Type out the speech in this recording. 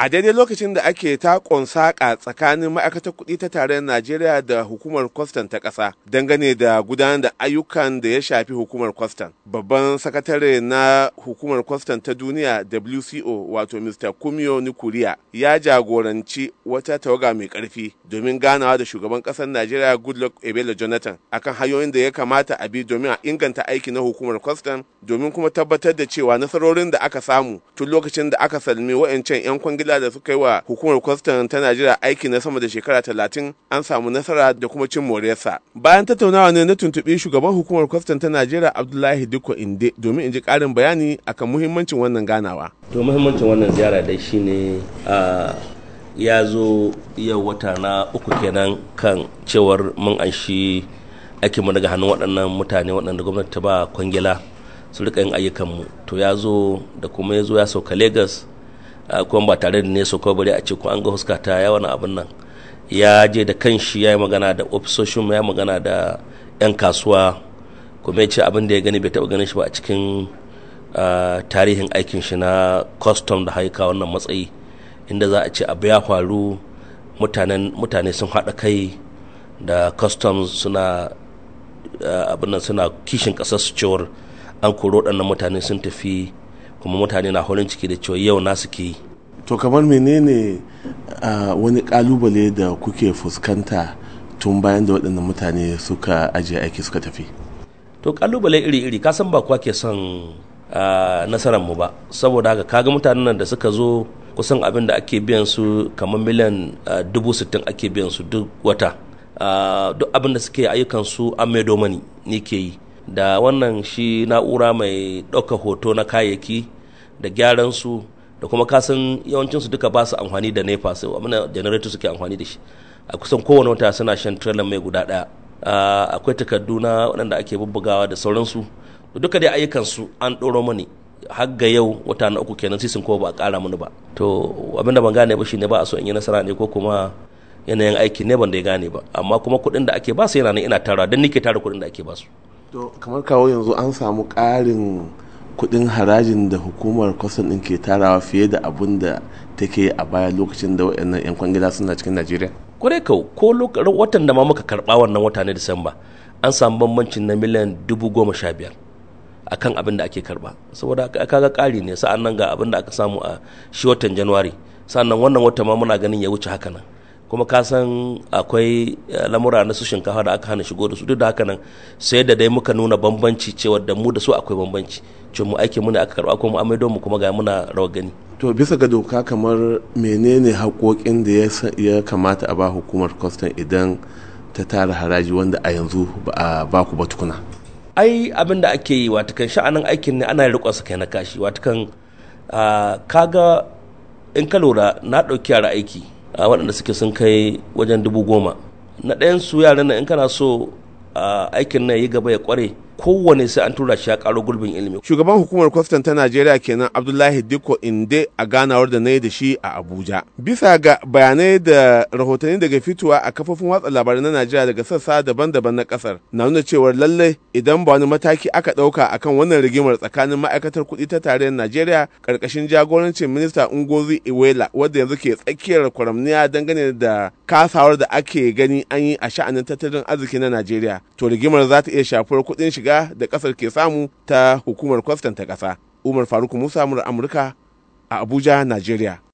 a daidai lokacin da ake takon saƙa tsakanin ma'aikatar kuɗi ta tarayyar najeriya da hukumar kwastan ta ƙasa dangane da gudanar da ayyukan da ya shafi hukumar kwastan babban sakatare na hukumar kwastan ta duniya wco wato mr kumio nukuriya ya jagoranci wata tawaga mai ƙarfi domin ganawa da shugaban ƙasar najeriya goodluck ebele jonathan akan hanyoyin da ya kamata a bi domin a inganta aiki na hukumar kwastan domin kuma tabbatar da cewa nasarorin da aka samu tun lokacin da aka salmi wa'ancan 'yan kwangila illa da suka yi wa hukumar kwastan ta najeriya aiki na sama da shekara talatin an samu nasara da kuma cin moriyarsa bayan tattaunawa ne na tuntuɓi shugaban hukumar kwastan ta najeriya abdullahi dikko inde domin in ji ƙarin bayani akan muhimmancin wannan ganawa to muhimmancin wannan ziyara dai shine ya zo yau wata na uku kenan kan cewar mun anshi ake mu daga hannun waɗannan mutane waɗanda gwamnati ta ba kwangila su rika yin ayyukanmu to ya zo da kuma ya zo ya sauka lagos kuma ba tare da nesa ko bari a ce ku. an ga huska ta ya wani abin nan ya je da kanshi ya yi magana da ofisoshin ya magana da 'yan kasuwa kuma ya ce abin da ya gani bai taɓa ganin shi ba a cikin tarihin aikin shi na custom da haika wannan matsayi inda za a ce abu ya faru mutane sun haɗa kai da customs suna abin suna kishin ƙasar su cewar an koro waɗannan mutane sun tafi kuma mutane na horin ciki da cewa yau na suke yi to kamar menene wani kalubale da kuke fuskanta tun bayan da waɗannan mutane suka ajiye aiki suka tafi to kalubale iri-iri ka san ba kuwa ke son nasarar mu ba saboda haka kaga mutanen da suka zo kusan abin da ake biyan su kamar miliyan dubu sittin ake biyan su duk wata duk abin da suke ayyukan su an mai mani ni ke yi da wannan shi na'ura mai ɗauka hoto na kayayyaki da gyaran su da kuma kasan yawancin su duka ba su amfani da nepa sai mana generator suke amfani da shi a kusan kowane wata suna shan trailer mai guda daya akwai takardu na waɗanda ake bubbugawa da sauransu duka dai ayyukan su an ɗoro mani har ga yau wata na uku kenan sun ko ba a ƙara mini ba to abin da ban gane ba shine ba a so in yi nasara ne ko kuma yanayin aiki ne ban da ya gane ba amma kuma kuɗin da ake ba su yana ina tara don nike tara kuɗin da ake ba su to kamar kawo yanzu an samu ƙarin kudin harajin da hukumar kwasan din ke tarawa fiye da abun da take a baya lokacin da waɗannan 'yan kwangila suna cikin najeriya kwarai kau ko watan da ma muka karɓa wannan wata na disamba an samu bambancin na miliyan dubu goma sha biyar a kan abin da ake karɓa saboda kaga ƙari ne sa'an nan ga abin da aka samu a shi watan januwari sa'an nan wannan wata ma muna ganin ya wuce haka nan kuma ka san akwai eh, lamura na su shinkafa da aka hana shigo da su duk da haka nan sai da dai muka nuna bambanci cewa da mu da su akwai bambanci ce mu aiki muna aka karba kuma don mu kuma ga muna rawar gani to bisa ga doka kamar menene haƙoƙin da ya kamata a ba hukumar kwastan idan ta tara haraji wanda a yanzu ba a ba ku ba tukuna ai abin da ake yi watakan sha'anin aikin ne ana riƙon su kai na kashi watakan ah, kaga in ka lura na ɗauki yara aiki waɗanda suke sun kai wajen dubu goma na ɗayan su yaran nan in kana so aikin nan yi gaba ya ƙware kowane sai an tura shi ya karo gurbin ilimi shugaban hukumar kwastan ta najeriya kenan abdullahi dikko inde a ganawar da na yi da shi a abuja bisa ga bayanai da rahotanni daga fitowa a kafofin watsa labarai na najeriya daga sassa daban-daban na kasar na nuna cewar lallai idan ba wani mataki aka ɗauka akan wannan rigimar tsakanin ma'aikatar kuɗi ta tarayyar najeriya ƙarƙashin jagorancin minista ungozi iwela wadda yanzu ke tsakiyar kwaramniya dangane da kasawar da ake gani an yi a sha'anin tattalin arziki na najeriya to rigimar za ta iya shafar kuɗin shiga shiga da kasar ke samu ta hukumar kwastan ta ƙasa umar faruk musa mura amurka a abuja najeriya